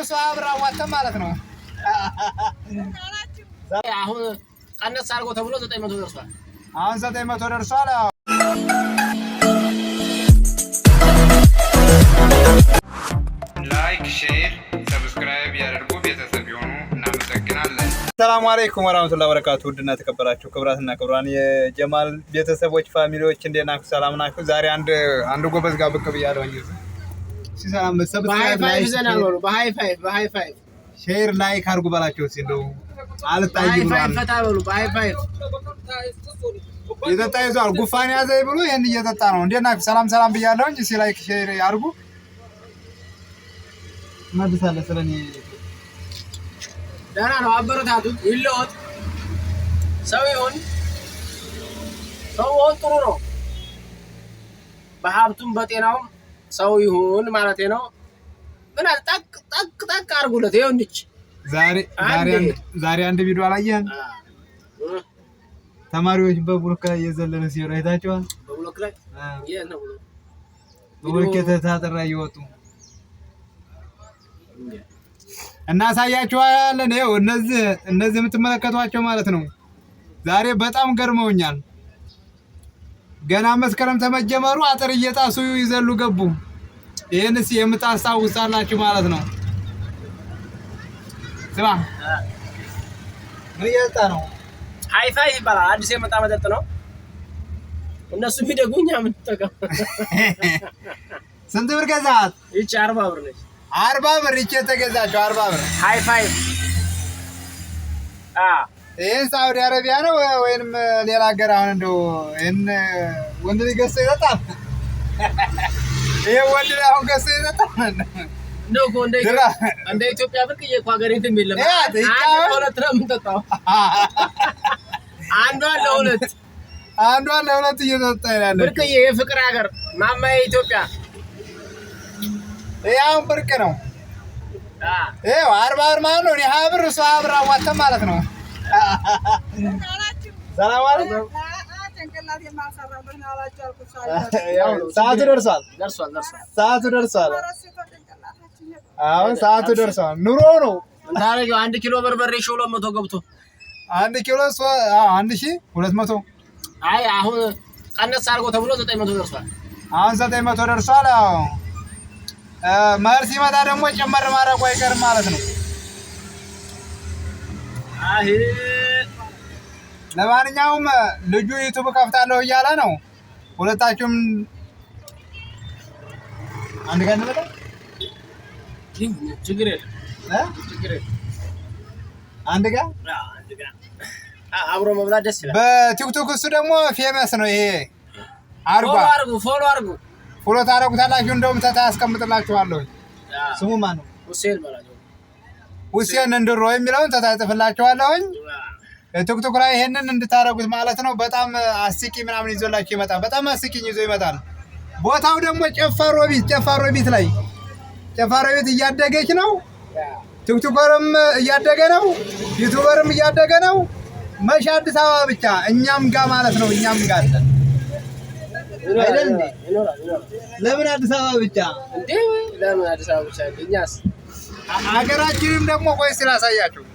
እርሷ ብር አዋተን ማለት ነው። አሁን ቀነስ አድርጎ ተብሎ ዘጠኝ መቶ ደርሷል። አሁን ዘጠኝ መቶ ደርሷል። ላይክ፣ ሼር፣ ሰብስክራይብ ያደርጉ ቤተሰብ የሆኑ እናመሰግናለን። ሰላሙ አለይኩም ወራህመቱላ በረካቱ። ውድና የተከበራችሁ ክብራትና ክብራን የጀማል ቤተሰቦች ፋሚሊዎች እንዴት ናችሁ? ሰላም ናችሁ? ዛሬ አንድ አንድ ጎበዝ ጋር ብቅ ብያለሁ። ሼር ላይክ አድርጉ በላቸው። እንደው አልታይም የጠጣ ይዟል። ጉፋን ያዘኝ ብሎ ይህን እየጠጣ ነው። እንዴት ናችሁ? ሰላም ሰላም ብያለሁ እንጂ እስኪ ላይክ ሼር አድርጉ። መልሳለሁ ስለ እኔ ደህና ነው። አበረታቱት። ይለወጥ ሰው ይሁን ሰው ሆን ጥሩ ነው። በሀብቱም በጤናውም ሰው ይሁን ማለት ነው። ምን ጠቅ ጠቅ ጠቅ አድርጉለት። ይኸው እንድች ዛሬ ዛሬ አንድ ቪዲዮ አላየህም? ተማሪዎች በብሎክ ላይ እየዘለለ ሲሄዱ አይታችኋል? በብሎክ ላይ በብሎክ የተታጠራ እየወጡ እናሳያችኋለን። ይኸው እነዚህ እነዚህ የምትመለከቷቸው ማለት ነው። ዛሬ በጣም ገርመውኛል። ገና መስከረም ተመጀመሩ አጥር እየጣሱ ይዘሉ ገቡ። ይህንስ የምታስታውሳላችሁ ማለት ነው። ስማ ምን እየጠጣ ነው? ሀይፋይ ይባላል። አዲስ የመጣ መጠጥ ነው። እነሱ ሚደጉኛ ምንጠቀም ስንት ብር ገዛት? ይቺ አርባ ብር ነች። አርባ ብር ይቼ የተገዛችው አርባ ብር ሀይፋይ ይህን ሳውዲ አረቢያ ነው ወይንም ሌላ ሀገር? አሁን እንደው ይህን ወንድ ሊገሰ ይጠጣል ይሄ ብርቅ ለሁለት እየጠጣ ብርቅዬ የፍቅር ሀገር ብርቅ ነው። ይኸው አርባ ብር ማለት ነው። እኔ ሀያ ብር ሀያ ብር አዋተን ማለት ነው። ሰላም አለ ሰዓቱ ደርሷል። ሰዓቱ ደርሷል። አሁን ሰዓቱ ደርሷል። ኑሮ ነው አንድ ኪሎ በርበሬ ሺህ ሁለት መቶ ገብቶ አንድ ኪሎ አንድ ሺህ ሁለት መቶ አይ አሁን ቀነስ አድርጎ ተብሎ ዘጠኝ መቶ ደርሷል። አሁን ዘጠኝ መቶ ደርሷል። መኸር ሲመጣ ደግሞ ጭመር ማድረጉ አይቀርም ማለት ነው። ለማንኛውም ልጁ ዩቱብ ከፍታለሁ እያለ ነው። ሁለታችሁም አንድ ጋር እንመጣ። ችግር የለም አንድ ጋር አብሮ መብላት ደስ ይላል። በቲክቶክ እሱ ደግሞ ፌመስ ነው። ይሄ አርጓ አርጉ፣ ፎሎ አርጉ፣ ፎሎ ታረጉታላችሁ። እንደውም ተታ ያስቀምጥላችኋለሁ። ስሙ ማን ነው? ሁሴን ማለት እንድሮ የሚለውን ተታ ይጥፍላችኋለሁኝ። ቲክቶክ ላይ ይሄንን እንድታደርጉት ማለት ነው። በጣም አስቂ ምናምን ይዞላችሁ ይመጣል። በጣም አስቂኝ ይዞ ይመጣል። ቦታው ደግሞ ጨፋሮ ቤት፣ ጨፋሮ ቤት ላይ ጨፋሮ ቤት እያደገች ነው። ቲክቶከርም እያደገ ነው። ዩቱበርም እያደገ ነው። መቼ አዲስ አበባ ብቻ እኛም ጋ ማለት ነው። እኛም ጋ አለ አይደል? ለምን አዲስ አበባ ብቻ ለምን አዲስ አበባ ብቻ? እኛስ ደግሞ ቆይ ስላሳያችሁ